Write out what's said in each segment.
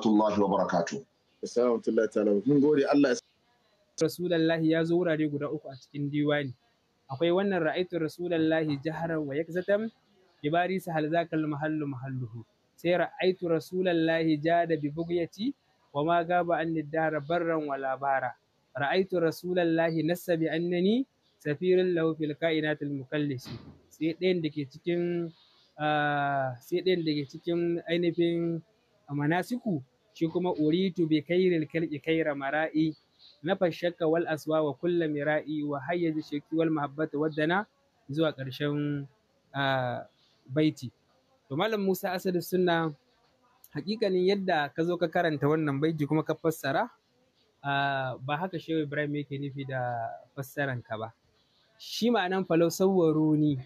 rahmatullahi wa barakatuh. Mun gode Allah. ya zo wurare guda uku a cikin diwani. Akwai wannan ra'aitu Rasulullahi jihar wa yakzatan bi ibari su zakal mahallu mahalluhu. Sai ra'aitu Rasulullahi jada bi bugyati wa ma gaba an dara barran wa labara. Ra'aitu Rasulullahi nassa bi annani safirin lahu fil kainatil mukallisi. Sai ɗayan da ke cikin ah, sai ɗayan da ke cikin ainihin A manasiku shi kuma uritu bi kairil kalqi kaira mara'i na shakka wal aswa wa kulla mira'i wa hayyaj shaki wal mahabbata waddana zuwa ƙarshen baiti to malam Musa Asadu sunna hakikanin yadda ka zo ka karanta wannan baiti kuma ka fassara ba haka shehu Ibrahim yake nufi da fassaran ka ba shi ma'anan falau sawwaro ne.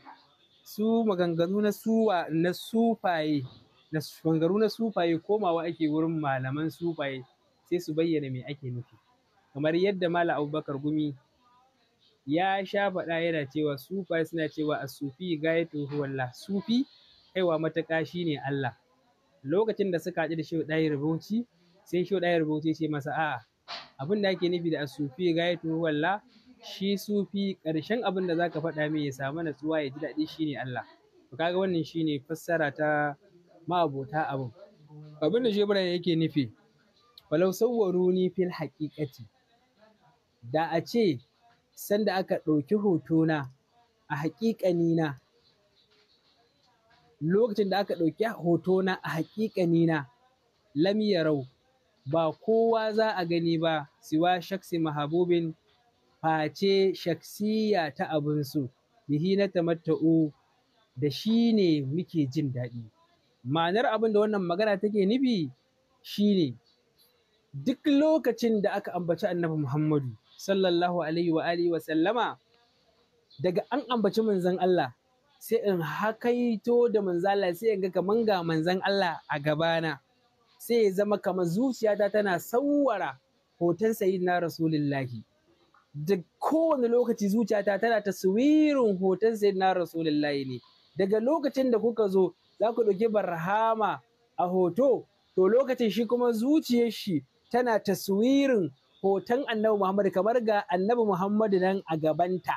su maganganu na suwa na sufaye da na sufaye komawa ake wurin malaman sufaye sai su bayyana me ake nufi kamar yadda malam abubakar gumi ya sha faɗa yana cewa sufaye suna cewa a sufi tuhu wallah sufi kaiwa shi ne Allah lokacin da suka haɗu da shehu ɗaya rubuci sai shehu ɗaya rubuci ce masa a'a abin da ake nufi da a sufi tuhu wallah shi sufi ƙarshen abin da zaka faɗa min ya samu natsuwa ya ji daɗi shi ne Allah to kaga wannan shine fassara ta ma'abota abin abin da shebran yake nufi falau ni fil haƙiƙati da a ce sanda aka ɗauki hotona a haƙiƙanina lokacin da aka ɗauki hotona a haƙiƙanina lam ba kowa za a gani ba siwa shaksi mahabubin face shaksiya ta abinsu bihi na tamatta'u da shi ne muke jin daɗi ma'anar abin da wannan magana take nufi shine duk lokacin da aka ambaci annabi Muhammadu sallallahu alaihi wa alihi wa sallama daga an ambaci manzan Allah sai in hakaito da manzala sai in ga kaman ga manzan Allah a gabana sai ya zama kamar zuciyata tana sauwara hoton sayyidina rasulullahi da kowane lokaci zuciyata tana taswirin hoton sayyidina rasulullahi ne daga lokacin da kuka zo za ku ɗauki barhama a hoto to lokacin shi kuma zuciyar shi tana taswirin hoton annabi Muhammadu kamar ga annabi Muhammadu nan a gabanta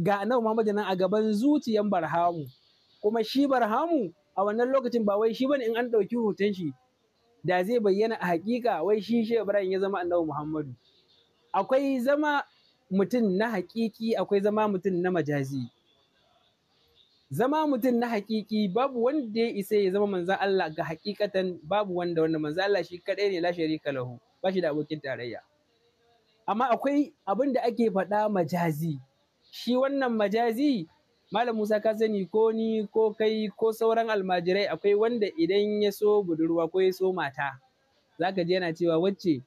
ga annabi Muhammadu nan a gaban zuciyan barhamu kuma shi barhamu a wannan lokacin ba wai shi bane in an ɗauki hoton shi da zai bayyana a hakika wai shi shi Ibrahim ya zama annabi Muhammadu akwai zama mutum na hakiki akwai zama mutum na majazi zama mutum na hakiki babu wanda ya isa ya zama manzan Allah ga hakikatan babu wanda wanda manzan Allah shi kadai ne la sharika lahu ba shi da abokin tarayya amma akwai abin da ake faɗa majazi shi wannan majazi malam Musa ka sani ko ni ko kai ko sauran almajirai akwai wanda idan ya so budurwa ko ya so mata zaka ji yana cewa wacce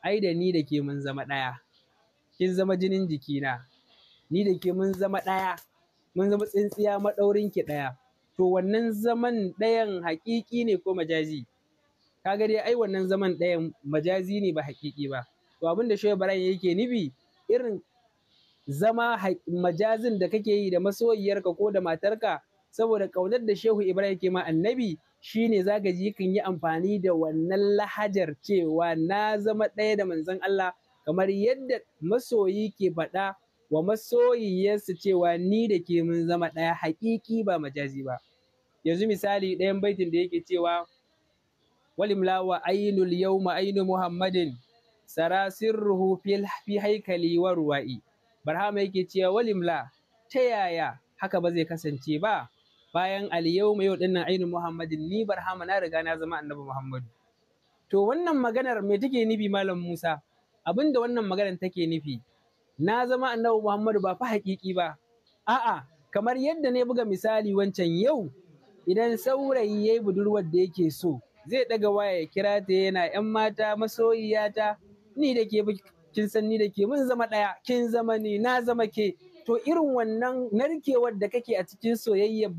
ai da ni da ke mun zama ɗaya kin zama jinin jikina ni da ke mun zama ɗaya mun zama tsintsiya maɗaurin ki ɗaya to wannan zaman ɗayan haƙiƙi ne ko majazi kaga dai ai wannan zaman ɗayan majazi ne ba haƙiƙi ba to abin da shoyi baran yake nufi irin zama majazin da kake yi da masoyiyarka ko da matarka saboda ƙaunar da shehu ibrahim ke ma annabi shine zaka ji kan yi amfani da wannan lahajar cewa na zama ɗaya da manzon Allah kamar yadda masoyi ke faɗa wa masoyiyarsa cewa ni da ke mun zama ɗaya haƙiƙi ba majazi ba yanzu misali ɗayan baitin da yake cewa walimla wa ainul yawma muhammadin sara sirruhu fi haikali wa ruwa'i barhama yake cewa walimla ta yaya haka ba zai kasance ba bayan mai yau nan ainu muhammadin ni barhama na riga na zama annabi muhammadu to wannan maganar me take nufi malam musa abinda wannan maganar take nufi na zama annabi Muhammadu ba fa haƙiƙi ba a'a kamar yadda ne buga misali wancan yau idan saurayi ya yi budurwar da yake so zai ɗaga waya ya kira ta yana yan mata masoyiyata ni da ke kin san ni da ke mun zama ɗaya kin zama ni na zama ke to irin wannan narkewar da kake a cikin soyayyar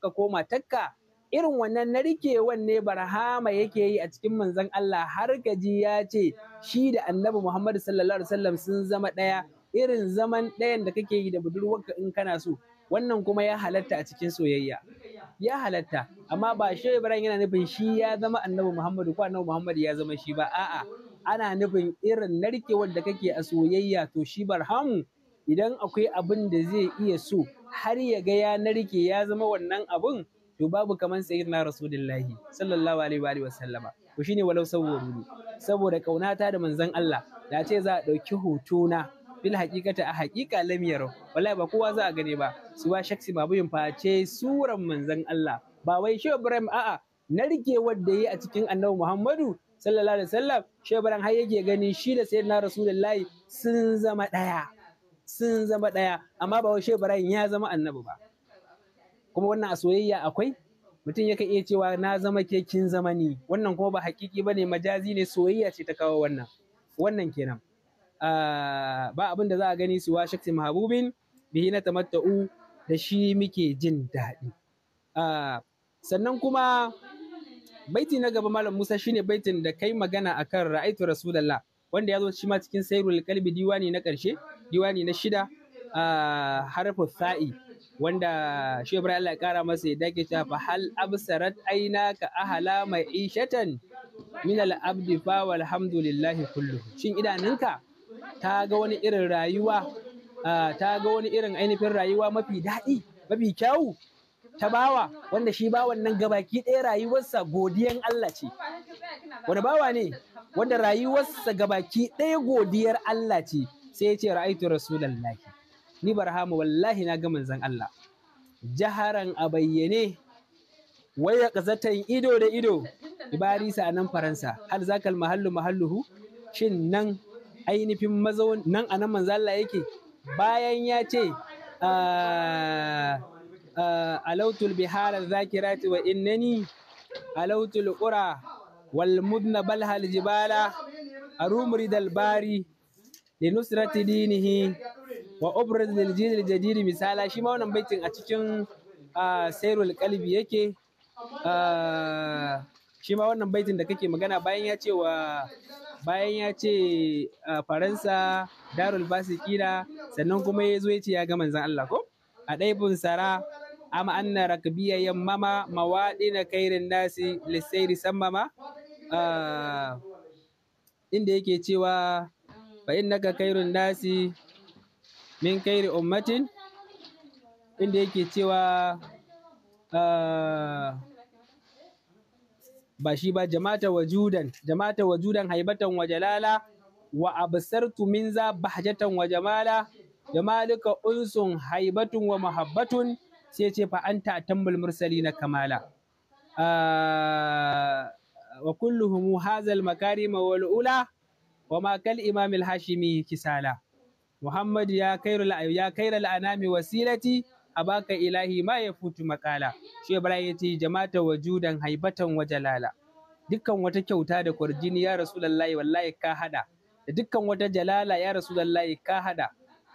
ka koma takka? irin wannan narkewar ne barhama yake yi a cikin manzon Allah har gaji ya ce shi da annabi Muhammadu sallallahu alaihi wasallam sun zama ɗaya irin zaman ɗayan da kake yi da budurwarka in kana so wannan kuma ya halatta a cikin soyayya ya halatta amma ba shehu ibrahim yana nufin shi ya zama annabi muhammadu ko annabi muhammadu ya zama shi ba a'a ana nufin irin narkewar da kake a soyayya to shi barhamu idan akwai abin da zai iya so har ya ga ya narke ya zama wannan abun to babu kaman sayyidina rasulullahi sallallahu alaihi wa sallama to shine walau saboda saboda kaunata da manzon Allah da ce za a ɗauki hotona bil haqiqata a haqiqa lam yaro wallahi ba kowa za a gane ba ba shaksi mabuyun face suran manzon Allah ba wai shehu Ibrahim a'a Na rike wanda yi a cikin annabi Muhammadu sallallahu alaihi wasallam shehu Ibrahim har yake gani shi da sayyidina rasulullahi sun zama daya sun zama daya amma ba wai shehu Ibrahim ya zama annabi ba kuma wannan a soyayya akwai mutum yakan iya cewa na zama ke kin zama wannan kuma ba hakiki bane majazi ne soyayya ce ta kawo wannan wannan kenan ba abin da za a gani suwa shakti mahabubin bihi na tamatta'u da shi muke jin daɗi sannan kuma baiti na gaba malam musa shine baitin da kai magana a akan ra'aitu rasulallah wanda ya zo shi ma cikin sairul kalbi diwani na ƙarshe diwani na shida harfu sa'i wanda shi ibrahim Allah ya kara masa ya dake cewa fa hal absarat aina ka ahala mai ishatan min al abdi fa walhamdulillahi kulluhu shin idanunka ta ga wani irin rayuwa ta ga wani irin ainihin rayuwa mafi daɗi mafi kyau ta bawa wanda shi bawan nan gabaki ɗaya rayuwarsa godiyan Allah ce wani bawa ne wanda rayuwarsa gabaki ɗaya godiyar Allah ce sai ya ce ra'aitu rasulullahi ni barhama wallahi na ga manzon Allah jaharan a bayyane wai ya ƙazatan ido da ido ibarisa a nan faransa hal zakal mahallu mahalluhu shin nan ainihin mazaun nan a nan manzala yake bayan ya ce ah, ah, alautul bihara zakirati wa innani alautul ƙura wal mudna balhal jibala rumuri dalbari da nusrati dinihi wa ubrid lil misala shi ma wannan baitin a cikin ah, sairul kalbi yake shi ma wannan baitin da kake magana bayan ya ce wa bayan ya ce faransa darul basikina sannan kuma ya zo ya ce ya ga manzan Allah ko a ɗaibin sara amma anna rakbiya yammama na kairin nasi lissairi sammama inda yake cewa fa innaka kairun nasi min kairi ummatin inda yake cewa ba shi ba jama'ata wajudan jama'ata wajudan haibatan wa jalala wa absartu min za bahjatan wa jamala jamalika unsun haibatun wa muhabbatun, sai ce fa anta tambul mursali na kamala ah, wa kulluhum hazal makarima wal ula wa ma kal imam al hashimi kisala muhammad ya kairul ya kairal anami wasilati abaka ilahi ma yafutu makala shi ibrahim ya ce jama'ata wajudan haibatan lala. dukkan wata kyauta da kwarjini ya lallai, wallahi ka hada da dukkan wata jalala ya lallai, ka hada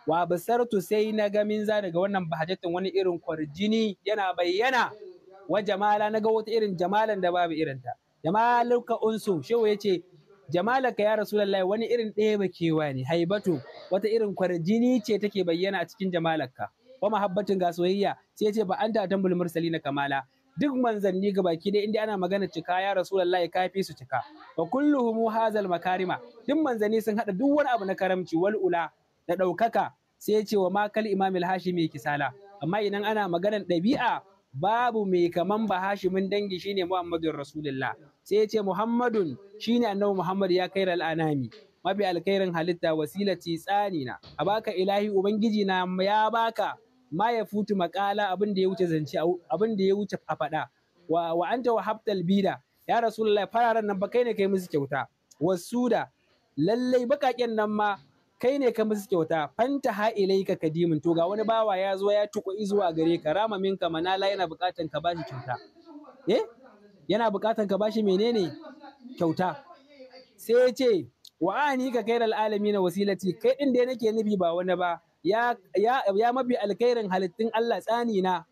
wa basartu sai na ga min za daga wannan bahajatin wani irin kwarjini yana bayyana wa jamala na ga wata irin jamalan da babu irinta jamaluka unsu shehu ya ce jamalaka ya lallai, wani irin ɗaya ba kewa ne haibatu wata irin kwarjini ce take bayyana a cikin jamalaka wa mahabbatin ga soyayya sai ya ce ba an tambul mursali na kamala duk manzanni ga baki dai inda ana magana cika ya rasulullahi kafi su cika wa kulluhum hazal makarima duk manzanni sun hada duk wani abu na karamci wal ula da daukaka sai ya ce wa makal imamil hashimi kisala amma idan ana maganar dabi'a babu mai kaman ba Hashimin dangi shine Muhammadun Rasulullah sai ya ce Muhammadun shine annabi Muhammad ya kai al'anami mafi alkhairin halitta wasilati na. a baka ilahi ubangiji na ya baka ma ya futu makala abin da ya wuce zance abin da ya wuce a faɗa wa wa anta wa habtal bida ya rasulullahi fararen nan ba kai ne kai musu kyauta wasuda lallai bakaken nan ma kai ne ka musu kyauta fanta ha ilaika kadimin to ga wani bawa ya zo ya tuko zuwa gare ka rama minka manala yana bukatan ka bashi kyauta eh yana bukatan ka bashi menene kyauta sai ya ce wa ani ka kairal alamin wasilati kai din da nake nufi ba wani ba ya ya mabi halittun Allah tsani na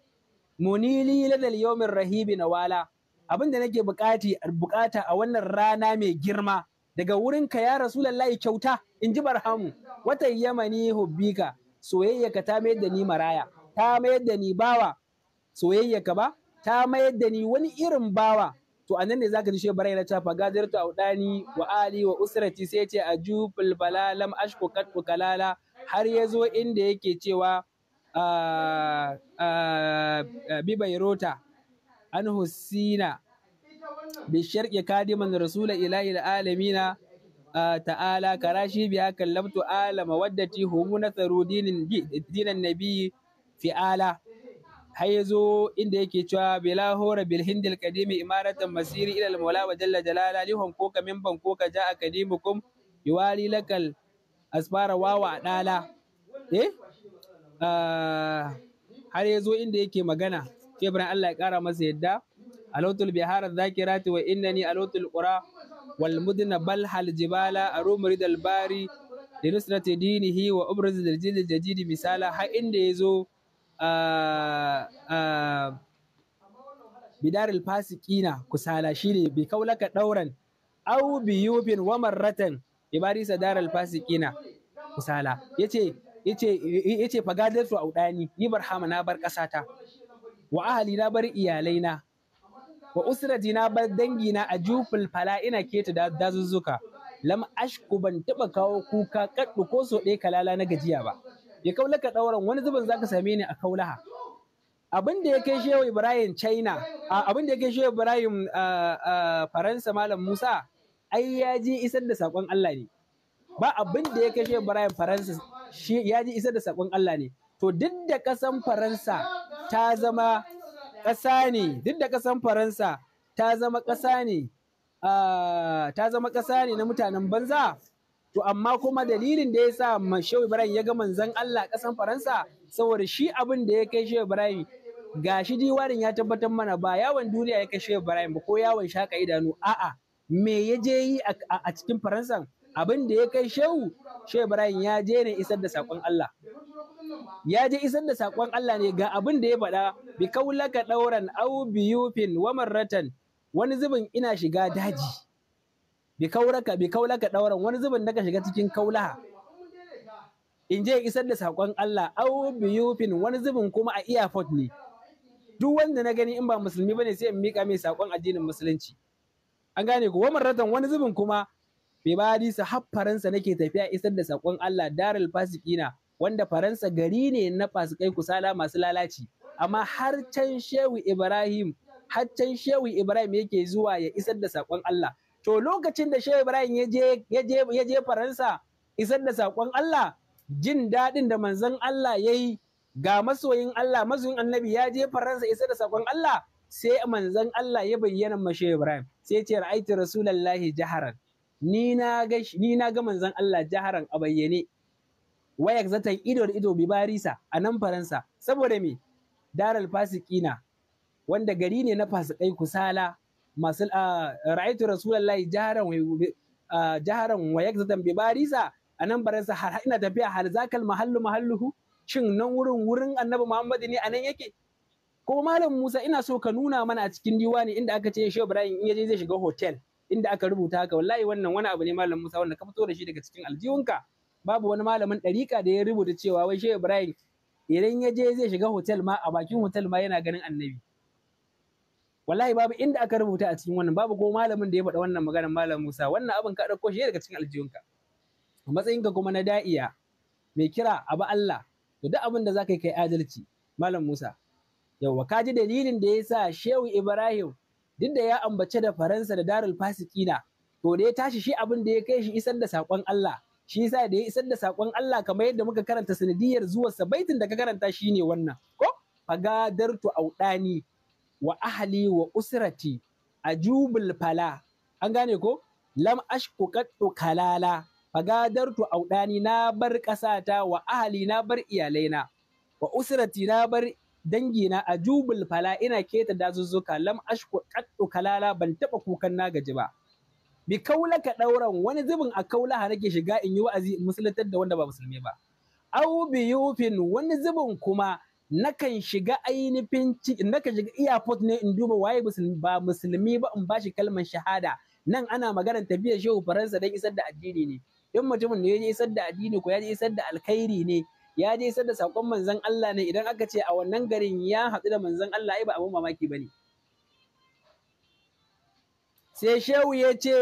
munili ladal yawmin rahibi wala. abin da nake bukati bukata a wannan rana mai girma daga wurin ka ya rasulullahi kyauta in ji barhamu wata yamani hubbika soyayyaka ta mayar da ni maraya ta mayar da ni bawa soyayyaka ba ta mayar da ni wani irin bawa to a nan ne zaka ji barai na tafa gadirta tu audani wa ali wa usrati sai ce ajubul balalam ashku kat kalala har ya zo inda yake cewa ah, ah, ah, bibairota an husina bisharki kadiman rasula ilahil alamina ta'ala karashi biya kallamtu alama waddati humu nasaru dinan nabi fi'ala har ya zo inda yake cewa bila hora bil hindil kadimi imaratan masiri ilal maula wa jalla jalala lihum koka min ban koka ja'a kadimukum yuwali lakal asbara wawa dala eh ah, har ya zo inda yake magana Ibrahim Allah ya kara masa yadda alautul bihar zakirati wa innani alautul qura wal mudna bal hal jibala arumrid al bari li nusrati dinihi wa ubruz al jadid misala har inda ya zo ah, ah, bidar al fasikina kusala shine bi kaulaka dauran aw bi yubin wa marratan ibarisa daral fasikina misala yace yace yace su audani ni barhama na bar kasata wa ahali na bar iyalaina wa usrati na bar na a juful fala ina keta dazuzzuka lam ashku ban taba kawo kuka kaddu ko so ɗaya kalala na gajiya ba ya kaulaka ɗauran wani zubin zaka same ni a kaulaha abin da ya kai shehu ibrahim china abin da ya kai ibrahim faransa malam musa ai ya ji isar da sakon Allah ne ba abin da ya kashe Brian Faransa shi ya ji isar da sakon Allah ne to duk da ƙasan Faransa ta zama ƙasa ne duk da kasan Faransa ta zama ƙasa ne ta zama ƙasa ne na mutanen banza to amma kuma dalilin da ya sa mashe Ibrahim ya ga manzon Allah ƙasan Faransa saboda shi abin da ya kai ga Ibrahim gashi diwarin ya tabbatar mana ba yawon duniya ya kai Ibrahim ba ko yawon shaka idanu a'a me ya je yi a cikin faransan abin da ya kai shehu shehu ibrahim ya je ne isar da sakon allah ya je isar da sakon allah ne ga abin da ya faɗa bi kaulaka ɗauran au biyufin wa maratan wani zubin ina shiga daji bi kauraka bi kaulaka ɗauran wani zubin daga shiga cikin kaulaha in je isar da sakon allah au biyufin wani zubin kuma a airport ne duk wanda na gani in ba musulmi bane sai in miƙa mai sakon addinin musulunci an gane ku wamar wani zubin kuma bai ba hadisa har faransa nake tafiya isar da sakon Allah darul fasikina wanda faransa gari ne na fasikai kusala masu lalaci amma har can shehu ibrahim har can shehu ibrahim yake zuwa ya isar da sakon Allah to lokacin da shehu ibrahim ya je ya je ya je faransa isar da sakon Allah jin daɗin da manzon Allah yayi ga masoyin Allah masoyin annabi ya je faransa isar da sakon Allah sai manzon Allah ya bayyana mashe Ibrahim sai ce ra'aitu rasulullahi jaharan ni na ga ni na ga manzon Allah jaharan a bayyane waya zatan ido da ido bi barisa a nan faransa saboda me daral fasikina wanda gari ne na fasikai kusala masu ra'aitu rasulullahi jaharan jaharan waya zatan bi barisa a nan faransa har ina tafiya hal zakal mahallu mahalluhu shin nan wurin wurin annabi Muhammad ne a nan yake ko malam Musa ina so ka nuna mana a cikin diwani inda aka ce Shehu Ibrahim in yaje zai shiga hotel inda aka rubuta haka wallahi wannan wani abu ne malam Musa wanda ka fito da shi daga cikin aljihunka babu wani malamin dariƙa da ya rubuta cewa wai Shehu Ibrahim idan ya je zai shiga hotel ma a bakin hotel ma yana ganin annabi wallahi babu inda aka rubuta a cikin wannan babu ko malamin da ya faɗa wannan maganar malam Musa wannan abin ka ɗauko shi daga cikin aljihunka matsayinka kuma na da'iya mai kira abu Allah to duk abin da za ka yi kai adalci malam Musa ka ji dalilin da ya sa shehu ibrahim duk da ya ambace da faransa da darul fasikina to da ya tashi shi abin da ya kai shi isar da sakon allah shi yasa da ya isar da sakon allah kamar yadda muka karanta sanadiyar zuwa baitin da ka karanta shi ne wannan ko fagadartu audani wa ahli wa usrati ajubul fala an gane ko lam ashku qattu kalala fagadartu auɗani na bar ƙasata wa ahli na bar iyalaina wa usrati na bar dangina a jubul fala ina keta dazuzzuka lam ashku qaddu kalala ban taba kukan na gaji ba bi kaulaka dauran wani zubin a kaulaha nake shiga in yi wa'azi in da wanda ba musulmi ba aw bi yufin wani zubin kuma nakan shiga ainihin nakan shiga airport ne in duba waye ba musulmi ba in bashi kalmar shahada nan ana maganar tafiya shehu faransa don isar da addini ne in mutumin ne ya je isar da addini ko ya je isar da alkhairi ne ya je isar da sakon manzon Allah ne idan aka ce a wannan garin ya haɗu da manzon Allah ai ba abun mamaki ne. sai shehu ya ce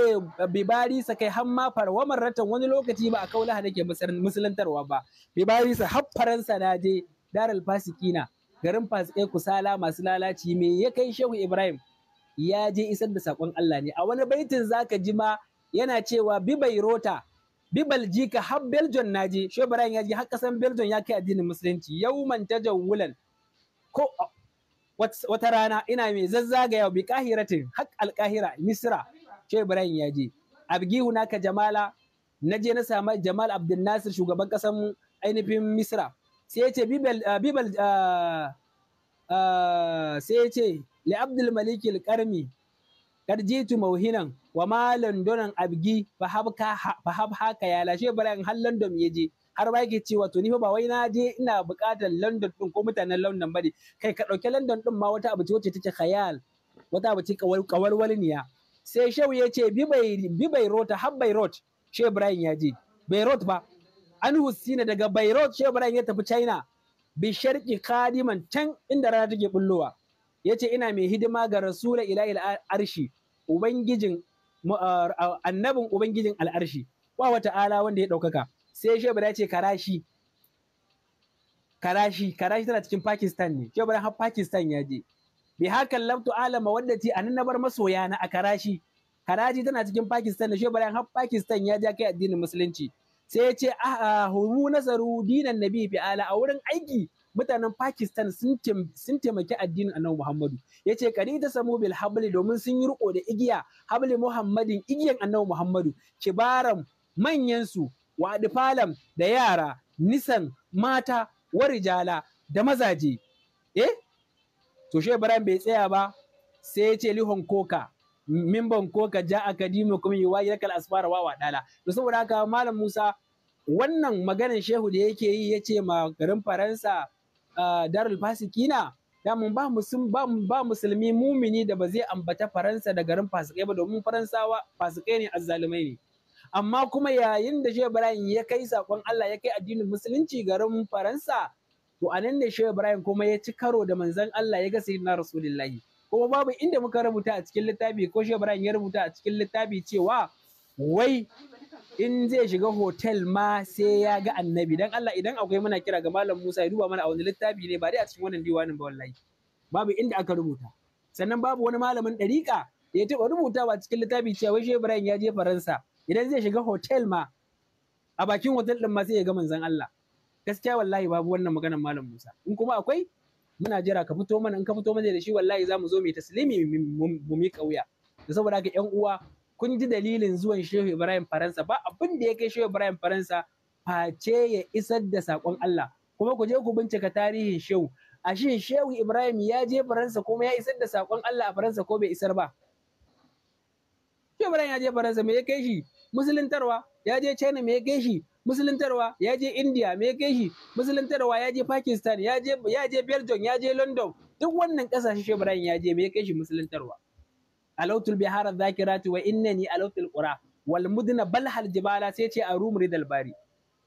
bibari sa kai hamma farwa marratan wani lokaci ba a kaulaha nake musulantarwa ba bibari sa har faransa na je daral fasikina garin fasikai kusala masu lalaci me ya kai shehu ibrahim ya je isar da sakon Allah ne a wani baitin zaka ji ma yana cewa bi bai rota bi baljika har belgium na je shi ibrahim ya je har kasan belgium ya kai addinin musulunci Yau ta jawulan ko wata rana ina mai zazzagaya bi kahiratin har alkahira misra shi ibrahim ya je abgi hunaka jamala na je na samu jamal abdul nasir shugaban kasan ainihin misra sai ya ce bibal ah, ah, ah, sai ya ce li abdul malik karmi tu mauhinan wa ma londonan abgi fa haka ya lashe bara har london ya je har ba yake cewa to ni fa ba wai na je ina buƙatar London din ko mutanen London ne. kai ka ɗauki London din ma wata abu ce wacce take khayal wata abu ce kawalwalniya sai shehu ya ce bi bai rota har rot Shehu Ibrahim ya je rot ba an husina daga rot Shehu Ibrahim ya tafi China bi sharqi kadiman can inda rana take bullowa Ya ce, ina mai hidima ga rasula ilahil arshi ubangijin annabin ubangijin al'arshi wa wata ala wanda ya ɗaukaka sai shehu ya ce karashi karashi karashi tana cikin pakistan ne shehu har pakistan ya je bi haka lamtu alama wadda ce anan bar masoya na a karashi karashi tana cikin pakistan ne shehu har pakistan ya je kai addinin musulunci sai ya ce a huru nasaru dinan nabi fi ala a wurin aiki mutanen Pakistan sun taimaki addinin Annabi Muhammadu Ya ce kari ta samu bil habli domin sun yi riko da igiya habli Muhammadin igiyan Annabi Muhammadu kibaran manyan su wa falam da yara nisan mata warijala da mazaje eh to shi Ibrahim bai tsaya ba sai ya ce lihon koka mimban koka ja akadimu kuma yi wayi lakal asfara wa wadala to saboda haka malam Musa wannan maganar shehu da yake yi ya ce ma garin Faransa darul fasikina mun ba musulmi ba musulmi mumini da ba zai ambata faransa da garin fasikai ba domin faransawa fasikai ne azzalumai ne amma kuma yayin da shehu ibrahim ya kai sakon allah ya kai addinin musulunci garin faransa to anan ne shehu ibrahim kuma ya ci karo da manzon allah ya ga sayyidina rasulullahi kuma babu inda muka rubuta a cikin littafi ko shehu ibrahim ya rubuta a cikin littafi cewa wai in zai shiga hotel ma sai ya ga annabi dan Allah idan akwai muna kira ga malam Musa ya duba mana a wani littafi ne ba dai a cikin wannan diwanin ba wallahi babu inda aka rubuta sannan babu wani malamin dariƙa, da ya taɓa rubutawa cikin littafi cewa shehu Ibrahim ya je Faransa idan zai shiga hotel ma a bakin hotel din ma sai ya ga manzon Allah gaskiya wallahi babu wannan maganar malam Musa in kuma akwai muna jira ka fito mana in ka fito mana da shi wallahi za mu zo mu taslimi mu mi kauya saboda haka 'yan uwa kun ji dalilin zuwan Shehu Ibrahim Faransa ba abin da ya kai Shehu Ibrahim Faransa face ya isar da saƙon Allah kuma ku je ku bincika tarihin Shehu A shi Shehu Ibrahim ya je Faransa kuma ya isar da saƙon Allah a Faransa ko bai isar ba Shehu Ibrahim ya je Faransa me ya kai shi musuluntarwa ya je China me ya kai shi musuluntarwa ya je India me ya kai shi musuluntarwa ya je Pakistan ya je ya je Belgium ya je London duk wannan kasashe Shehu Ibrahim ya je me ya kai shi musuluntarwa alautul bihara dhakirati wa innani alautul qura wal mudna bal hal jibala sai ce a rumuri dalbari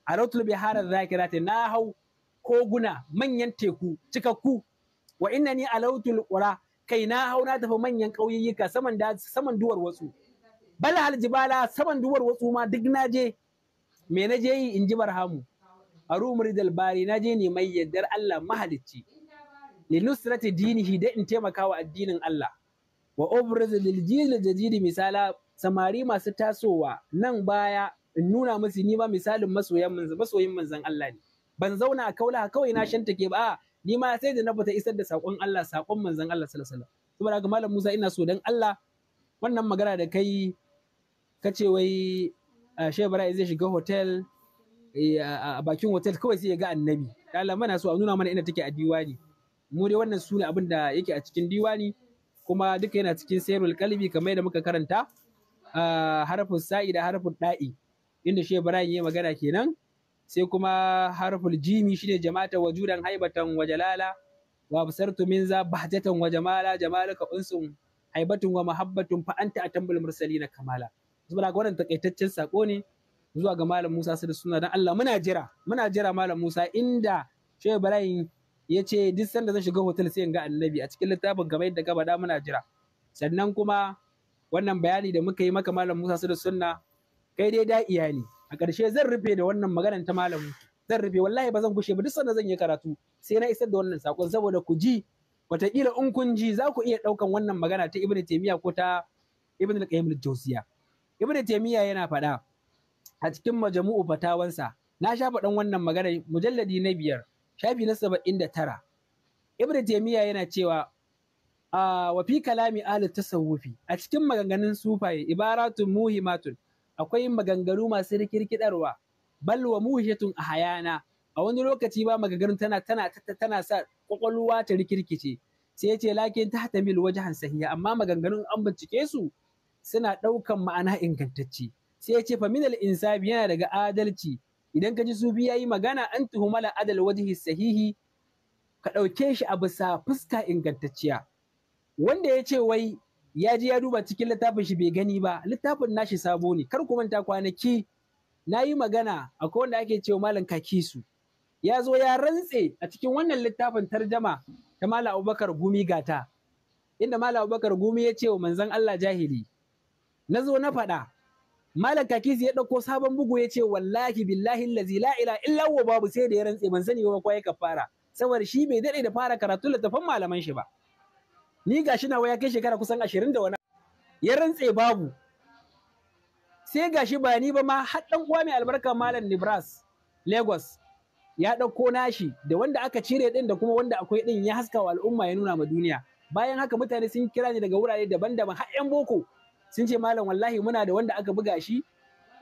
alautul bihara dhakirati na hau koguna manyan teku cikakku wa innani alautul qura kai na hau na tafi manyan ƙauyayyuka saman da saman duwar wasu bal hal jibala saman duwar wasu ma duk na je me na je yi in ji barhamu a rumuri dalbari na je ne mai yardar Allah mahalicci li nusrati dinihi da in taimakawa addinin Allah wa obraz liljil jadidi misala samari masu tasowa nan baya in nuna musu ni ba misalin masoyan masoyin manzan Allah ne ban zauna a kaula kawai na shanta ke ba ni ma sai da na fita isar da sakon Allah sakon manzan Allah sallallahu alaihi wasallam saboda haka malam Musa ina so dan Allah wannan magana da kai kace wai Shehu Bara zai shiga hotel eh, a bakin hotel kawai sai ya ga annabi Allah mana so a nuna mana ina take a diwani mu dai wannan sune abin da yake a cikin diwani kuma duka yana cikin sayrul kalbi kamar da muka karanta harfin sa'i da harfin da'i inda shi Ibrahim ya magana kenan sai kuma harfin jimi shine jama'atan wajudan haibatan wa jalala wa basartu min za bahjatan wa jamala jamalaka unsun haibatun wa mahabbatun fa anta atambul mursalina kamala saboda ga wannan takaitaccen sako ne zuwa ga malam Musa su da suna dan Allah muna jira muna jira malam Musa inda Shehu Ibrahim ya ce duk sanda zan shiga hotel sai in ga annabi a cikin littafin kamar yadda ka faɗa muna jira sannan kuma wannan bayani da muka yi maka malam Musa su da sunna kai dai da'iya ne a ƙarshe zan rufe da wannan maganar ta malam zan rufe wallahi ba zan gushe ba duk sanda zan yi karatu sai na isar da wannan sakon saboda ku ji wataƙila in kun ji za ku iya ɗaukan wannan magana ta Ibn Taymiya ko ta Ibn Al-Qayyim Al-Jawziya Ibn Taymiya yana faɗa a cikin majmu'u fatawansa na sha faɗan wannan magana mujalladi na biyar shafi na saba'in da tara ibn taimiyya yana cewa a ah, wa fi kalami ahli tasawufi a cikin maganganun sufaye ibaratun muhimatun akwai maganganu masu rikirkidarwa bal wa a hayana a wani lokaci ba maganganun tana tana tana sa kwakwalwa ta rikirkice sai ce lakin ta hata mil waje sahiya amma maganganun an bincike su suna ɗaukan ma'ana ingantacce sai ce fa insabi yana daga adalci idan ka ji ya yi magana an tuhumala adal wajhi sahihi ka ɗauke shi a bisa fuska ingantacciya wanda ya ce wai ya ji ya duba cikin littafin shi bai gani ba littafin nashi sabo ne kar ku manta kwanaki na yi magana akwai wanda ake cewa malam kakisu ya zo ya rantse a cikin wannan littafin tarjama ta malam abubakar gumi gata inda malam abubakar gumi ya ce wa manzon allah jahili na zo na faɗa malam kaki ya ɗauko sabon bugu ya ce wallahi billahi lazi la ila illa huwa babu sai da ya rantse ban sani ba ko ya kafara saboda shi bai daɗe da fara karatu littafan malaman shi ba ni gashi nawa ya kai shekara kusan ashirin da wani ya rantse babu sai gashi ba ni ba ma har ɗan uwa mai albarka malam nibras lagos ya ɗauko nashi da wanda aka cire ɗin da kuma wanda akwai ɗin ya haska wa al'umma ya nuna ma duniya bayan haka mutane sun kira ni daga wurare daban-daban har 'yan boko sun ce malam wallahi muna da wanda aka buga shi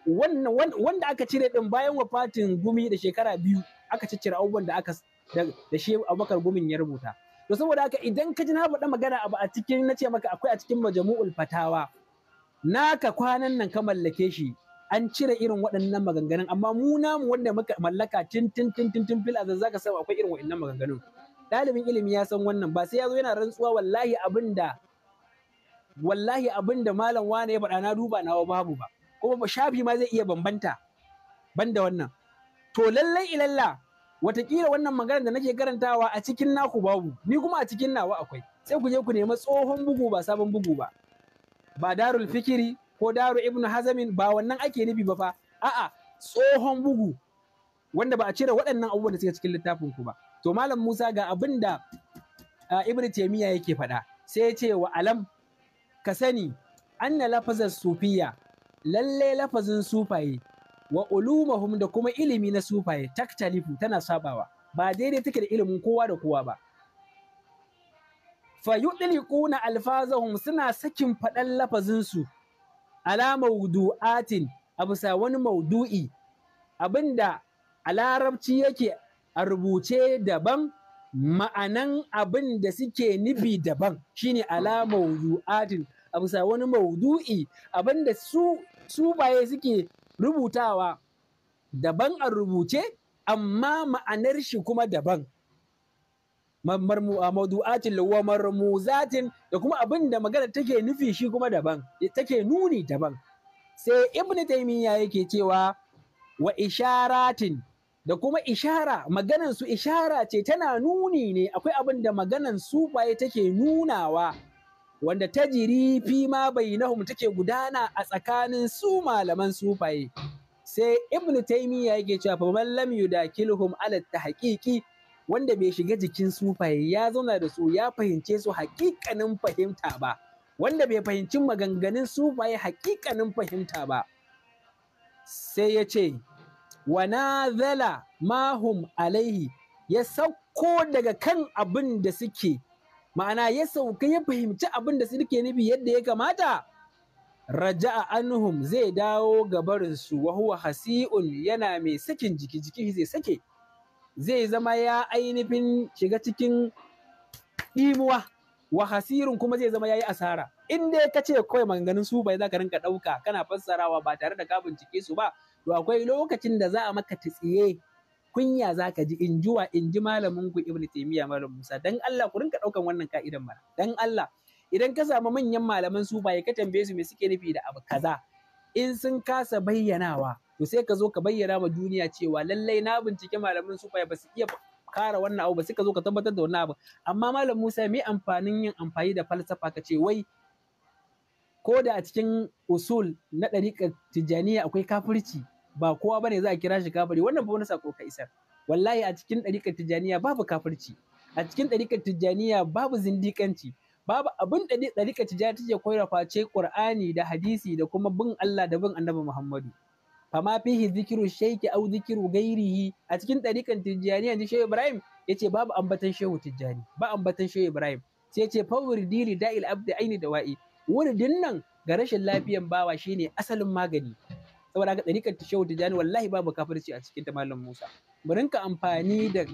wanda aka cire din bayan wafatin gumi da shekara biyu aka ciccire abubuwan da aka da shi abubakar gumin ya rubuta to saboda haka idan ka ji na faɗa magana abu a cikin na ce maka akwai a cikin majamu'ul fatawa naka kwanan nan ka mallake shi an cire irin waɗannan maganganun amma mu namu wanda muka mallaka tin tin tin tin tin fil azan zaka akwai irin waɗannan maganganun ɗalibin ilimi ya san wannan ba sai ya zo yana rantsuwa wallahi abin da wallahi abin da malam wane ya faɗa na duba nawa babu ba kuma shafi ma zai iya bambanta ban da wannan to lallai ilalla watakila wannan magana da nake karantawa a cikin naku babu ni kuma a cikin nawa akwai sai ku je ku nemi tsohon bugu ba sabon bugu ba ba darul fikiri ko daru ibnu hazamin ba wannan ake nufi ba fa a'a tsohon bugu wanda ba a cire waɗannan abubuwan da suke cikin littafin ku ba to malam Musa ga abin da ah, Ibn Taymiyyah yake faɗa sai ya ce wa alam ka sani anna lafazar sufiya lalle lafazin sufaye wa ulumahum da kuma ilimi na sufaye taktalifu tana sabawa ba daidai take da ilimin kowa da kowa ba fa yudliquna alfazahum suna sakin faɗan lafazin su ala mawdu'atin abusa wani maudu'i abinda a larabci yake a rubuce daban ma'anan abin da suke nufi daban shine ala mawdu'atin a bisa wani maudu'i abinda su su baye suke rubutawa daban a rubuce amma ma'anar shi kuma daban maudu'atin wa marmuzatin da kuma abin magana take nufi shi kuma daban take nuni daban sai ibnu taymiya yake cewa wa isharatin da kuma ishara maganan su ishara ce tana nuni ne akwai abinda da maganan su baye take nunawa wanda ta jiri fi ma bainahum take gudana a tsakanin su malaman sufaye sai ibnu taymiya yake cewa fa man lam yudakilhum ala tahqiqi wanda bai shiga jikin sufaye ya zauna da su ya fahimce su haƙiƙanin fahimta ba wanda bai fahimci maganganun sufaye haƙiƙanin fahimta ba sai ya ce wa nazala mahum alaihi ya sauko daga kan abin da suke ma'ana ya sauka ya fahimci abin da suke nufi yadda ya kamata Raja anhum zai dawo ga barinsu, wa huwa hasi'un yana mai sakin jiki jiki zai sake zai zama ya ainihin shiga cikin ɗimuwa wa hasirun kuma zai zama yayi asara in dai ka ce kawai maganganun su bai za ka rinka ɗauka kana fassarawa ba tare da ka bincike su ba to akwai lokacin da za a maka tsiye kunya za ka ji in wa in ji malamin ku ibnu taymiya malam musa dan Allah ku rinka daukan wannan ka'idan mara dan Allah idan ka samu manyan malaman sufaye ka tambaye su me suke nufi da abu kaza in sun kasa bayyanawa to sai ka zo ka bayyana ma duniya cewa lallai na bincike malaman sufaye ba su iya kara wannan abu ba sai ka zo ka tabbatar da wannan abu amma malam Musa me amfanin yin amfani da falsafa ka ce wai ko da a cikin usul na ɗariƙar tijjaniya akwai kafirci ba kowa bane za a kira shi kafiri wannan ba wani sako ka isar wallahi a cikin ɗarikar tijjaniya babu kafirci a cikin ɗarikar tijjaniya babu zindikanci babu abin da ɗarikar tijjaniya take koyar face qur'ani da hadisi da kuma bin Allah da bin annabi Muhammadu fama fihi zikiru shaiki au zikiru gairihi a cikin ɗariƙar tijjaniya ji shehu ibrahim ya ce babu ambatan shehu tijjani ba ambatan shehu ibrahim sai ya ce dili da'il abdi aini da wa'i din nan ga rashin lafiyan bawa shine asalin magani saboda haka ɗarikar ta shehu tijjani wallahi babu kafirci a cikin ta malam musa mu rinka amfani da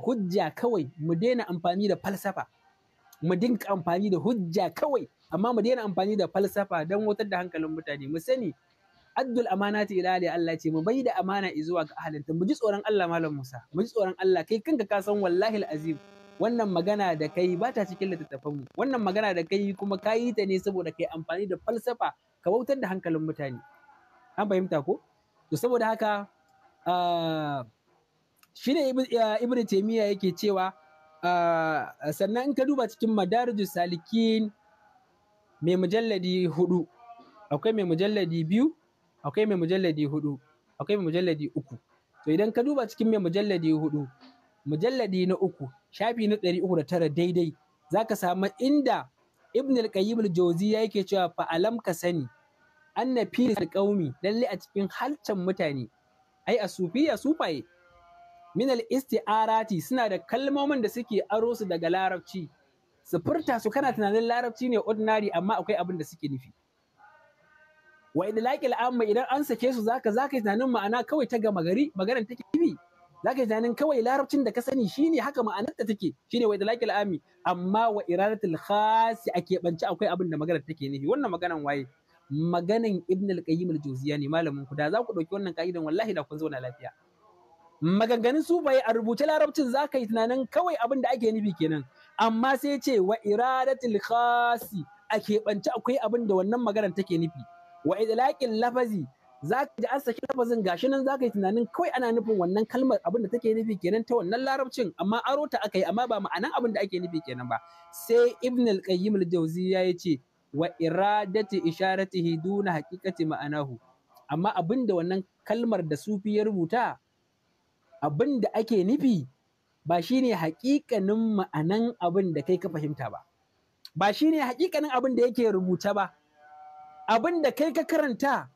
hujja kawai mu daina amfani da falsafa mu dinka amfani da hujja kawai amma mu daina amfani da falsafa don wutar da hankalin mutane mu sani addul amana ila ilali Allah ce mu bai da amana zuwa ga ahalinta mu ji tsoron Allah malam Musa mu ji tsoron Allah kai kanka ka san wallahi azim wannan magana da kai ba ta cikin littattafan mu wannan magana da kai kuma kayi ta ne saboda kai amfani da falsafa ka bautar da hankalin mutane an fahimta ko to saboda haka ah, shi ne ibn ah, taimiyya yake cewa ah, sannan in ka duba cikin madarijus salikin mai mujalladi hudu akwai mai mujalladi biyu akwai mai mujalladi hudu akwai mai mujalladi uku to idan ka duba cikin mai mujalladi hudu mujalladi na uku shafi na ɗari uku da tara daidai za ka samu inda ibn al-qayyim al-jawziya yake cewa fa alam ka sani An anna fi alqaumi lalle a cikin halcan mutane ai a sufiya sufaye min isti'arati suna da kalmomin da suke aro su daga larabci su furta su kana tunanin larabci ne ordinary amma akwai abin da suke nufi wa idan idlaqil amma idan an sake su zaka zaka tunanin ma'ana kawai ta gama gari maganar take kibi zaka tunanin kawai larabcin da ka sani shine haka ma'anar ta take shine wa idlaqil ammi amma wa iradatul khasi ake banci akwai abin da maganar take nufi wannan maganar waye maganan Ibn al-Qayyim al ne malamin ku da za ku dauki wannan ka'idan wallahi da kun zauna lafiya maganganun su bai a rubuce larabcin za ka yi tunanin kawai abin da ake nufi kenan amma sai ce wa iradatul khasi a keɓance akwai abin da wannan maganar take nufi wa idlaqil lafazi za ka ji an saki lafazin gashi nan za ka yi tunanin kawai ana nufin wannan kalmar abin da take nufi kenan ta wannan larabcin amma aro ta aka yi amma ba ma'anan abin da ake nufi kenan ba sai ibn al-qayyim al ya ce wa iradati isharatihi duna haqiqati ma'anahu amma abinda wannan kalmar da sufi ya rubuta abinda ake nufi ba shine haƙiƙanin ma'anan abin da kai ka fahimta ba ba shine haƙiƙanin abin da yake rubuta ba abin da kai ka karanta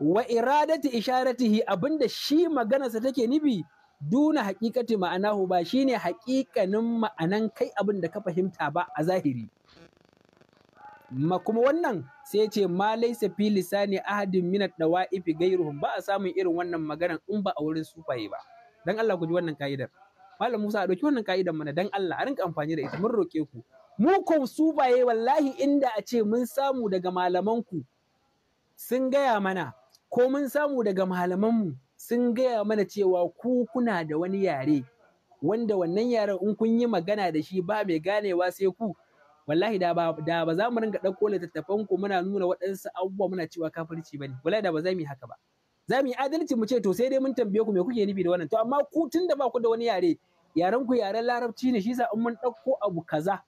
wa iradati isharatihi abinda da shi maganarsa take nufi duna haƙiƙati ma'anahu ba shine haƙiƙanin ma'anan kai abin da ka fahimta ba a zahiri ma kuma wannan sai ya ce ma laisa fi lisani ahadin minad dawaifi gairuhum ba a samun irin wannan maganar in ba a wurin sufaye ba dan Allah ku ji wannan ka'idar Malam Musa a ɗauki wannan ka'idar mana dan Allah a rinka amfani da ita mun roƙe ku mu ko sufaye wallahi inda a ce mun samu daga malaman ku sun gaya mana ko mun samu daga malaman mu sun gaya mana cewa ku kuna da wani yare wanda wannan yaren in kun yi magana da shi ba mai ganewa sai ku wallahi da ba da ba za mu ringa ɗauko littattafan ku muna nuna waɗansu abubuwa muna cewa kafirci bane wallahi da ba za mu yi haka ba za mu yi adalci mu ce to sai dai mun tambaye ku me kuke nufi da wannan to amma ku tun da ba ku da wani yare yaren ku yaren larabci ne shi yasa in mun ɗauko abu kaza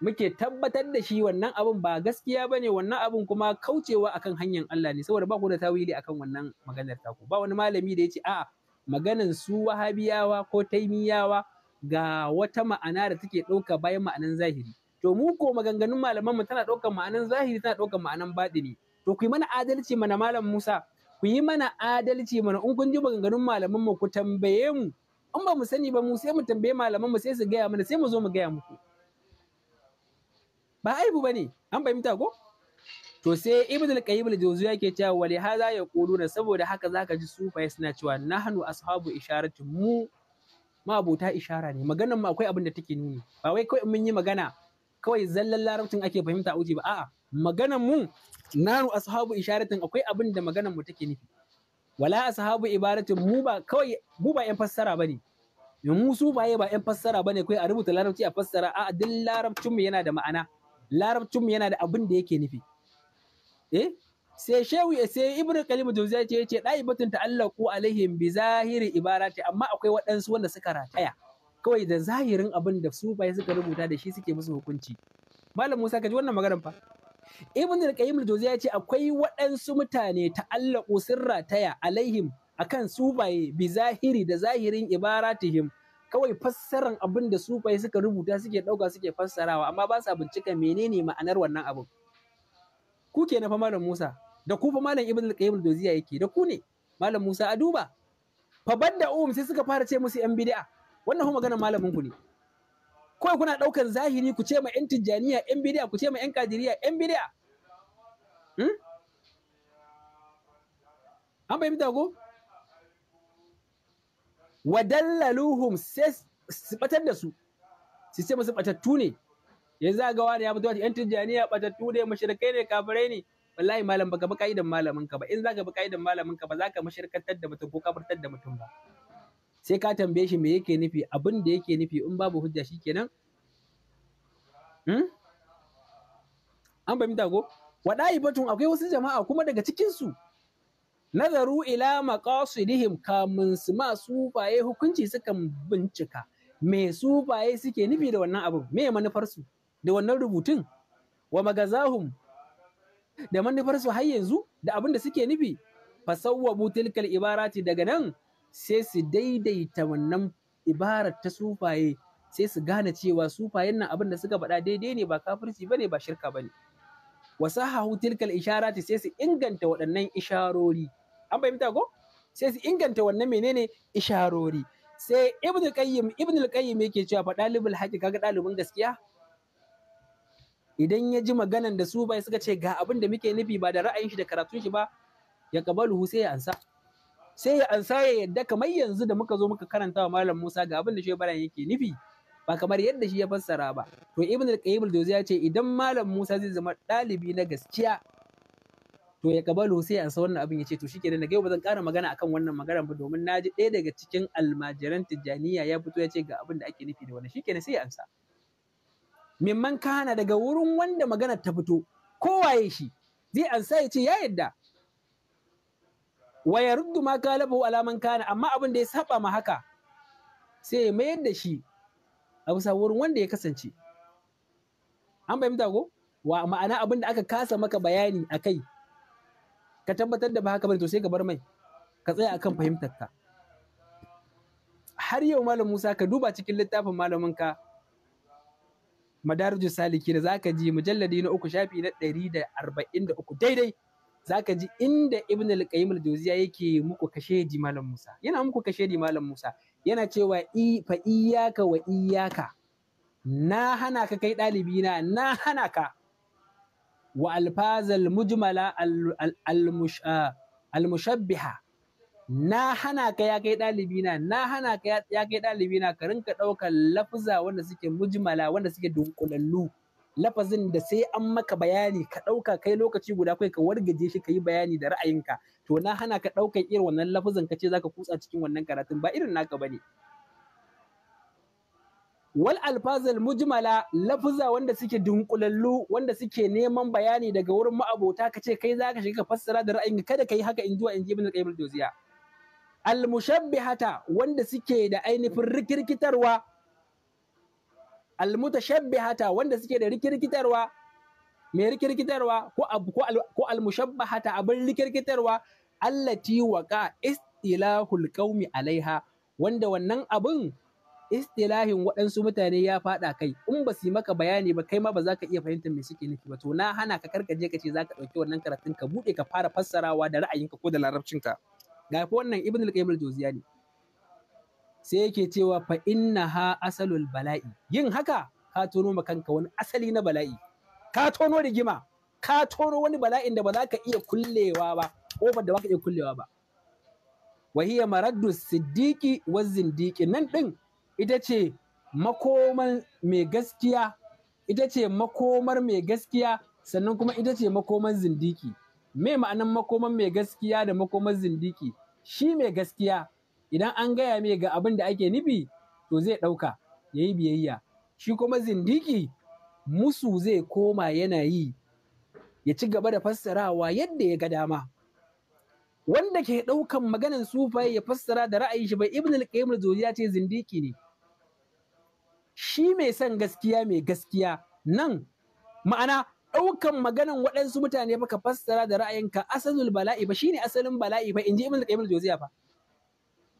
muke tabbatar da shi wannan abun ba gaskiya bane wannan abun kuma kaucewa akan hanyar Allah ne saboda ba ku da tawili akan wannan maganar taku ba wani malami da ya ce a'a maganan su wahabiyawa ko taimiyawa ga wata ma'ana da take ɗauka bayan ma'anan zahiri to mu ko maganganun malaman mu tana ɗaukar ma'anan zahiri tana ɗaukar ma'anan baɗini to ku yi mana adalci mana malam Musa ku yi mana adalci mana in kun ji maganganun malaman mu ku tambaye mu in ba mu sani ba mu sai mu tambaye malaman mu sai su gaya mana sai mu zo mu gaya muku ba aibu bane an fahimta ko to sai ibn al-qayyim al-jawzi yake cewa wali hadha yaquluna saboda haka zaka ji su, fa suna cewa nahnu ashabu isharati mu ma abota ishara ne maganar mu akwai abin da take nuni ba wai kawai mun yi magana kawai zallan larabcin ake fahimta wuce ba a'a maganan mu nanu ashabu isharatin akwai abin da mu take nufi wala ashabu ibaratin mu ba kawai mu ba yan fassara bane mu su baye ba yan fassara bane kai a rubuta larabci a fassara a duk larabcin mu yana da ma'ana larabcin mu yana da abin da yake nufi eh sai shehu sai ibn qalim jawziya ce yace daibatun ta'allaqu alaihim bi zahiri ibarati amma akwai waɗansu wanda suka rataya kawai da zahirin abin da su bai suka rubuta da shi suke musu hukunci malam musa kaji wannan maganar fa ibn al-qayyim al-jawziy ya ce akwai waɗansu mutane ta'allaqu sirra taya alaihim akan su bai bi zahiri da zahirin ibaratihim kawai fassaran abin da su bai suka rubuta suke dauka suke fassarawa amma ba sa bincika menene ma'anar wannan abin ku ke na fa malam musa da ku fa malam ibn al-qayyim al-jawziy yake da ku ne malam musa a duba fa banda um sai suka fara ce musu yan bid'a wannan kuma maganar malamin ku ne kawai kuna ɗaukar zahiri ku ce ma 'yan tijjaniya 'yan bidiya ku ce ma 'yan kadiriya 'yan bidiya hmm? an fahimta ko wadallaluhum sai su batar da su su ce musu batattu ne yanzu za ga wani ya fito yan tijjaniya batattu ne mushrikai ne kafirai ne wallahi malam baka bi kaidan malamin ka ba in za ka bi kaidan malamin ka ba ka mushrikantar da mutum ko kafirtar da mutum ba sai ka tambaye shi me yake nufi abin da yake nufi in babu hujja shikenan hmm? an fahimta ko waɗayi batun akwai wasu jama'a kuma daga cikinsu nazaru ila maqasidihim kamun su ma sufaye hukunci sukan bincika me sufaye suke nufi da wannan abu me manufarsu da wannan rubutun wa magazahum da manufarsu har yanzu da abin da suke nufi fasawwabu tilkal ibarati daga nan sai su daidaita wannan ibarar ta sufaye sai su gane cewa sufayen nan abin da suka faɗa daidai ne ba kafirci bane ba shirka bane hahu tilkal isharati sai su inganta waɗannan isharori an fahimta ko sai su inganta wannan menene isharori sai ibnu qayyim ibnu qayyim yake cewa fa dalibul haqi kaga dalibin gaskiya idan ya ji maganan da su bai suka ce ga abin da muke nufi ba da ra'ayin shi da karatun shi ba ya kabalu sai ya ansa sai ya ansa ya yadda kamar yanzu da muka zo muka karanta wa malam Musa ga abin da shi Ibrahim yake nufi ba kamar yadda shi ya fassara ba to Ibn al-Qayyim al-Jawziya ce idan malam Musa zai zama ɗalibi na gaskiya to ya kabalo sai ansa wannan abin ya ce to shikenan daga yau ba zan ƙara magana akan wannan magana ba domin naji ɗaya daga cikin almajiran Tijjaniya ya fito ya ce ga abin da ake nufi da wannan shikenan sai ya ansa mimman kana daga wurin wanda magana ta fito kowaye shi zai ansa ya ce ya yadda Waya ruddu ma galabu alaman kana amma abin da ya saba ma haka sai ya mayar da shi a bisa wurin wanda ya kasance an fahimta ko wa ma'ana abin da aka kasa maka bayani a kai ka tabbatar da ba haka bane to sai ka bar mai ka tsaya akan fahimtar ka har yau malam Musa ka duba cikin littafin malamin ka Madarijus Saliki da zaka ji mujalladi na uku shafi na 143 daidai zaka ji inda Ibn al-Qayyim al-Jawziya yake muku di Malam Musa yana muku di Malam Musa yana cewa i fa iyyaka wa iyyaka na hana ka kai dalibi na na hana ka wa alfazal mujmala al-mushabbiha na hana ka ya kai dalibi na na hana ka ya kai dalibi na ka rinka ɗaukar lafuza wanda suke mujmala wanda suke dunkulallu lafazin da sai an maka bayani ka ɗauka kai lokaci guda kai ka wargaje shi ka yi bayani da ra'ayinka to na hana ka ɗaukan irin wannan lafazin ka ce zaka kutsa cikin wannan karatun ba irin naka bane wal alfazal mujmala lafuza wanda suke dunkulallu wanda suke neman bayani daga wurin ma'abota ka ce kai zaka shiga ka fassara da ra'ayinka kada ka yi haka in ji ibn qayyim al-jawziya al mushabbihata wanda suke da ainihin rikirkitarwa almutashabbihata wanda suke da rikirkitarwa mai rikirkitarwa ko ko almushabbahata abin rikirkitarwa allati waqa istilahul qaumi alaiha wanda wannan abin istilahin waɗansu mutane ya faɗa kai in ba su yi maka bayani ba kai ma ba za ka iya fahimta me suke nufi ba to na hana ka karkaje ka ce za ka ɗauki wannan karatun ka buɗe ka fara fassarawa da ra'ayinka ko da larabcinka ga wannan ibn al-qayyim al-jawziyani sai yake cewa fa ha asalul bala'i yin haka ka tono kanka wani asali na bala'i ka tono rigima ka tono wani bala'in da ba za ka iya kullewa ba kofar da ba ka iya kullewa ba hiya maraddu siddiqi wa zindiqi nan din ita ce makoman mai gaskiya ita ce makomar mai gaskiya sannan kuma ita ce makoman zindiki me ma'anan makoman mai gaskiya da makoman zindiki shi mai gaskiya idan an gaya mai ga abin da ake nufi to zai ɗauka ya yi biyayya shi kuma zindiki musu zai koma yana yi ya ci gaba da fassarawa yadda ya ga dama wanda ke ɗaukan maganan sufaye ya fassara da ra'ayin shi bai ibn al-qayyim ce zindiki ne shi mai son gaskiya mai gaskiya nan ma'ana ɗaukan maganan waɗansu mutane baka fassara da ra'ayinka asalul bala'i ba shine asalin bala'i ba inji ibn al-qayyim al fa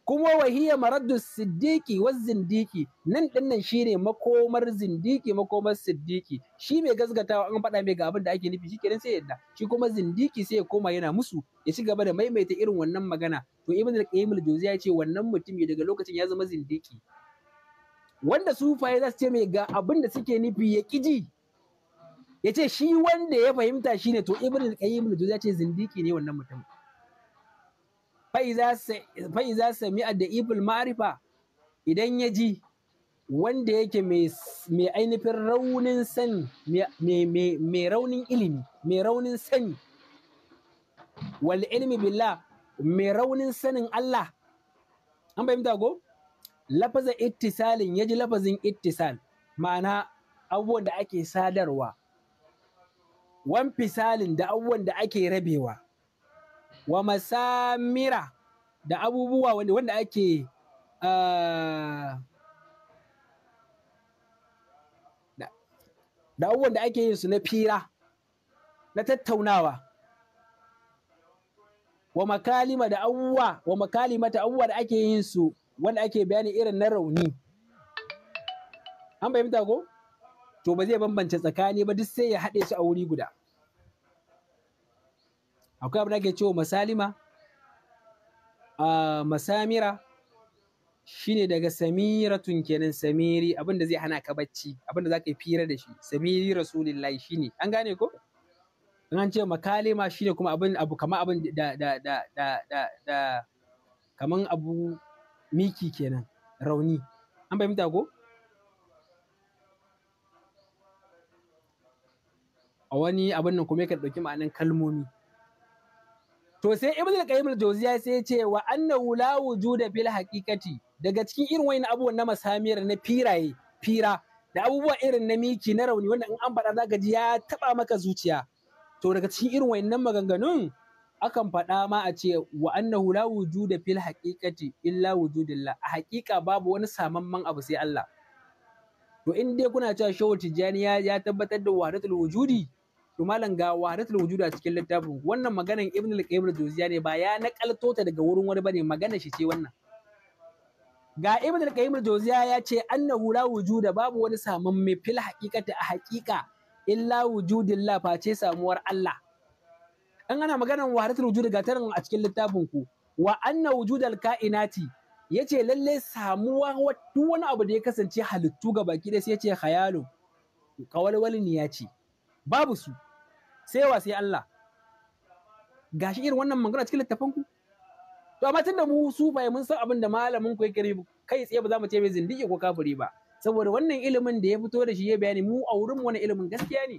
kuma wahiya Maradu siddiqi wa zindiki nan dinnan shine makomar zindiki makomar siddiki. shi mai gazgatawa an faɗa mai ga abin da ake nufi shi kenan sai yadda shi kuma zindiki sai ya koma yana musu ya ci gaba da maimaita irin wannan magana to ibn al-qayyim al-jawzi ya ce wannan mutum ya daga lokacin ya zama zindiki wanda sufaye za su ce mai ga abin da suke nufi ya kiji ya ce shi wanda ya fahimta shine to ibn al-qayyim al ya ce zindiki ne wannan mutum fa'i za su mi'a da ibul ma'arifa idan ya ji wanda yake mai ainihin raunin sani mai raunin ilimi mai raunin sani wal ilmi billah mai raunin sanin Allah an fahimta ko lafazin ittisalin ya ji lafazin ittisal ma'ana abubuwan da ake sadarwa wan fisalin da abubuwan da ake rabewa wa masamira da abubuwa wanda, wanda ake uh, da, da abubuwan da ake yin su na fira na tattaunawa wa makalima da abubuwa wa makalima ta abubuwa da ake yin su wanda ake bayani irin na rauni an fahimta ko to ba zai bambance tsakani ba duk sai ya haɗe su a wuri guda akwai abin da ake cewa masalima a ah, masamira shine daga samiratun kenan samiri abin da zai hana ka bacci abin da za ka yi fira da shi samiri rasulillahi shine an gane ko in an ce makalima shine kuma abin abu kamar abin da da da da da, da kaman abu miki kenan rauni an fahimta ko a wani abin nan kuma yakan ɗauki ma'anan kalmomi to sai ibn al-qayyim al-jawziya sai ya ce wa anna la wujuda fil haqiqati daga cikin irin wayan abubuwan na masamiyar na firaye fira da abubuwa irin na miki na rauni wanda in an faɗa zaka ji ya taba maka zuciya to daga cikin irin nan maganganun akan faɗa ma a ce wa anna la wujuda fil haqiqati illa wujudillah a haƙiƙa babu wani samamman abu sai Allah to in dai kuna cewa shehu tijjani ya tabbatar da wahdatul wujudi to malam ga wahdatul wujud a cikin littafin wannan maganan ibn al-qayyim al-jawziya ne ba ya nakalto daga wurin wani bane magana shi ce wannan ga ibn al-qayyim al-jawziya ya ce "Anna, la wujuda babu wani saman mai fil haqiqati a haqiqa illa wujudillah face samuwar Allah in ana maganar wahdatul wujuda ga tarin a cikin littafin ku wa anna wujudal kainati yace lalle samuwa duk wani abu da ya kasance halittu ga baki da sai yace khayalu kawalwalin ya ce babu su sai wa sai Allah gashi irin wannan magana cikin littafin ku to amma tunda mu bai mun san abin da malamin ku yake kai tsaye ba za mu ce mai zindiki ko kafiri ba saboda wannan ilimin da ya fito da shi ya bayani mu a wurin wani ilimin gaskiya ne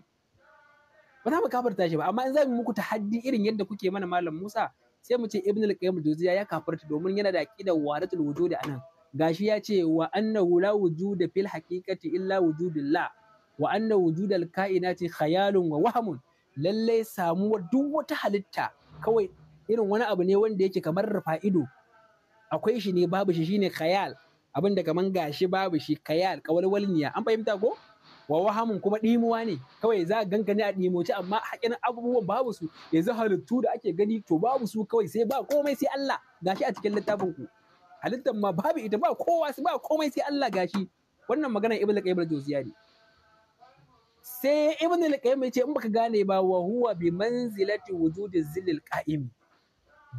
ba za mu kafirta shi ba amma in za mu muku tahaddi irin yadda kuke mana malam Musa sai mu ce Ibn al-Qayyim Juziya ya kafirta domin yana da aqidar wadatul wujudi anan gashi ya ce wa annahu la wujuda fil haqiqati illa wujudillah wa anna wujudal kainati khayalun wa wahamun lallai samuwar duk wata halitta kawai irin wani abu ne wanda yake kamar rufa ido akwai shi ne babu shi shine khayal abinda kaman gashi babu shi khayal kawalwalniya an fahimta ko wa wahamun kuma ɗimuwa ne kawai za a ganka ne a dimoci amma haƙin abubuwan babu su yanzu halittu da ake gani to babu su kawai sai ba komai sai Allah gashi a cikin littafin ku halittar ma babu ita ba kowa ba komai sai Allah gashi wannan magana ibnu qayyim al sai ibn al-qayyim ce in baka gane ba wa huwa bi manzilati wujudi zillil qa'im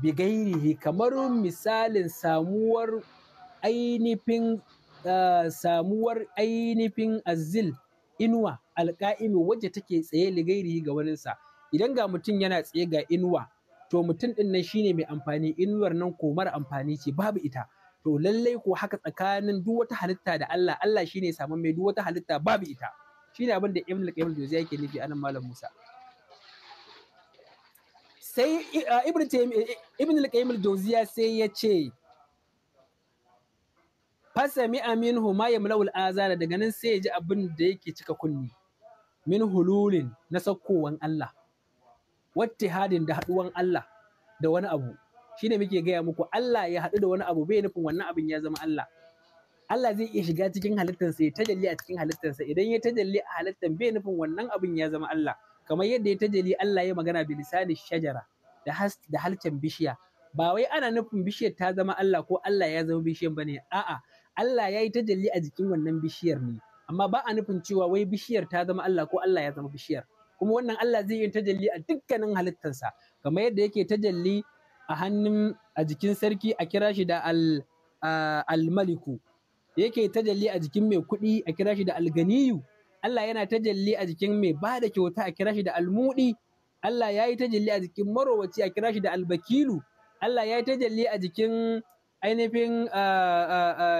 bi gairihi kamar misalin samuwar ainifin eh, samuwar ainifin azil inuwa alka'imi wacce take tsaye ligairihi ga waninsa idan ga mutum yana tsaye ga inuwa to mutum din nan shine mai amfani inuwar nan ko mara amfani ce babu ita to lallai ko haka tsakanin duk wata halitta da Allah Allah shine samun mai duk wata halitta babu ita shine abin da ibn al-qayyim al yake nufi anan malam Musa sai eh, ibn eh, ibn al-qayyim al sai ya ce fasami aminhu ma yamla'ul azana daga nan sai ya ji abin da yake cika kunni min hululin na sakkowan Allah wattihadin da haduwan Allah da wani abu shine muke gaya muku Allah ya haɗu da wani abu bai nufin wannan abin ya zama Allah Allah zai iya shiga cikin halittarsa ya tajalli a cikin halittarsa idan ya tajalli a halittar bai nufin wannan abin ya zama Allah kamar yadda ya tajalli Allah ya magana bi lisanin shajara da has da halcin bishiya ba wai ana nufin bishiyar ta zama Allah ko Allah ya zama bishiyar bane a'a Allah ya yi tajalli a jikin wannan bishiyar ne amma ba a nufin cewa wai bishiyar ta zama Allah ko Allah ya zama bishiyar kuma wannan Allah zai yi tajalli a dukkanin halittarsa kamar yadda yake tajalli a hannun a jikin sarki a kira shi da al-maliku yake tajalli a jikin mai kuɗi a kira shi da alganiyu Allah yana tajalli a jikin mai ba da kyauta a kira shi da almudi Allah ya yi tajalli a jikin marowaci a kira shi da albakilu Allah ya yi tajalli a jikin ainihin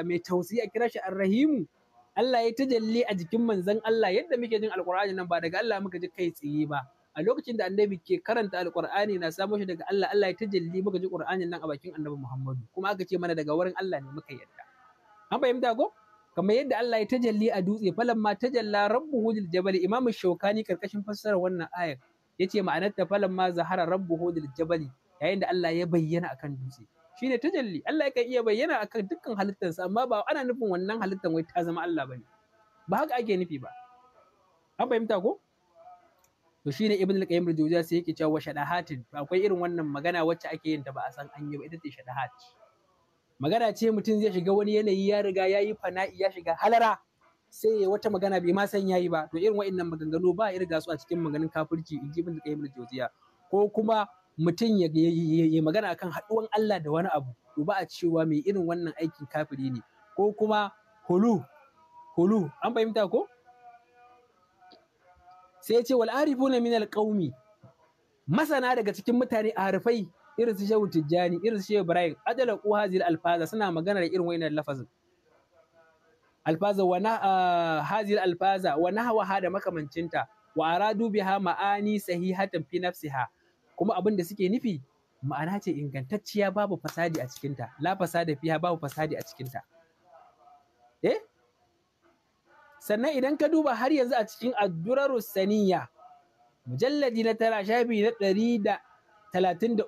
mai tausayi a kira shi arrahimu Allah ya yi tajalli a jikin manzan. Allah yadda muke jin alkur'ani nan ba daga Allah muka ji kai tsaye ba a lokacin da annabi ke karanta alkur'ani na samo shi daga Allah Allah ya tajalli muka ji qur'anin nan a bakin annabi Muhammadu kuma aka ce mana daga wurin Allah ne muka yadda an fahimta ko kamar yadda Allah ya tajalli a dutse "falan ma tajalla rabbuhu lil jabal imamu shaukani karkashin fassarar wannan ayar yace ma'anar ta falan ma zahara rabbuhu lil jabal yayin da Allah ya bayyana akan dutse shine tajalli Allah yake iya bayyana akan dukkan halittarsa amma ba ana nufin wannan halittar wai ta zama Allah bane ba haka ake nufi ba an fahimta ko to shine ibn al-qayyim al sai yake cewa shadahatin akwai irin wannan magana wacce ake yin ta ba a san an yi ba ita ce magana ce mutum zai shiga wani yanayi ya riga ya yi fana'i ya shiga halara sai ya wata magana bai ma san yayi ba to irin wa'annan maganganu ba irin gasu a cikin maganin kafirci in jibin da kai ibn ko kuma mutum ya yi magana akan haɗuwan Allah da wani abu to ba a cewa mai irin wannan aikin kafiri ne ko kuma hulu hulu an fahimta ko sai ya ce wal arifuna min al masana daga cikin mutane arifai irin su shehu tijjani irin su shehu ibrahim adala ku hazil alfaza suna magana da irin wayannan lafazin alfaza wa na ah, hazil alfaza wa nahwaha da makamancinta wa aradu biha ma'ani sahihatan fi nafsiha kuma abin da suke nufi ma'ana ce ingantacciya babu fasadi a cikinta la fasada fiha babu fasadi a cikinta eh sannan idan ka duba har yanzu a cikin addurarus saniya mujalladi na tara shafi na ɗari da 33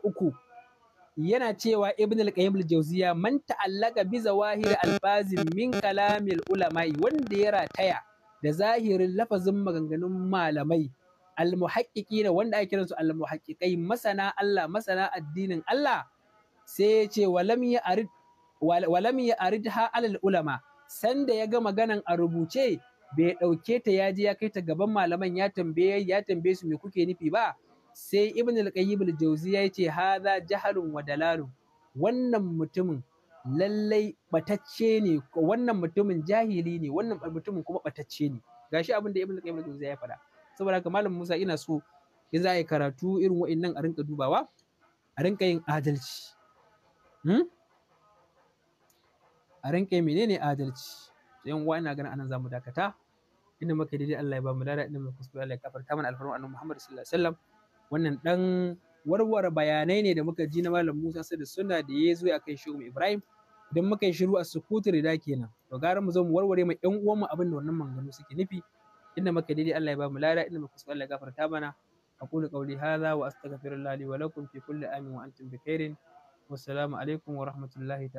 yana cewa Ibn al-Qayyim al-Jawziya man ta'allaka bi zawahir al-bazim min kalamil ulama'i wanda ya rataya da zahirin lafazin maganganun malamai al-muhaqqiqina wanda ake kiransu al-muhaqqiqai masana Allah masana addinin Allah sai ya ce walam ya arid walam ya alal ulama sanda ya ga maganan a rubuce bai ɗauke ta ya ya kai ta gaban malaman ya tambaye ya tambaye su me kuke nufi ba sai ibn al-qayyim al-jawzi ya ce hadha jahalun wa dalalun wannan mutumin lallai batacce ne wannan mutumin jahili ne wannan mutumin kuma batacce ne gashi abin da ibn al-qayyim al-jawzi ya faɗa saboda haka malam Musa ina so in za a yi karatu irin wa'annan a rinka dubawa a rinka yin adalci hmm? a rinka menene adalci yan uwa ina ganin anan zamu dakata inda muka daidai Allah ya ba mu lada inda muka kuskure Allah ya kafarta mana alfarma annabi Muhammad sallallahu alaihi wasallam wannan ɗan warware bayanai ne da muka ji na malam Musa sai da sunna da ya zo kan shiru Ibrahim idan muka yi shiru a sukutu da kenan to gara mu zo mu warware ma ɗan uwan mu abin da wannan manganu suke nufi inda muka daidai Allah ya ba mu lada inda muka so Allah ya gafarta mana aqulu قولي هذا wa الله لي ولكم في fi kulli amin wa والسلام bi khairin الله تعالى ta'ala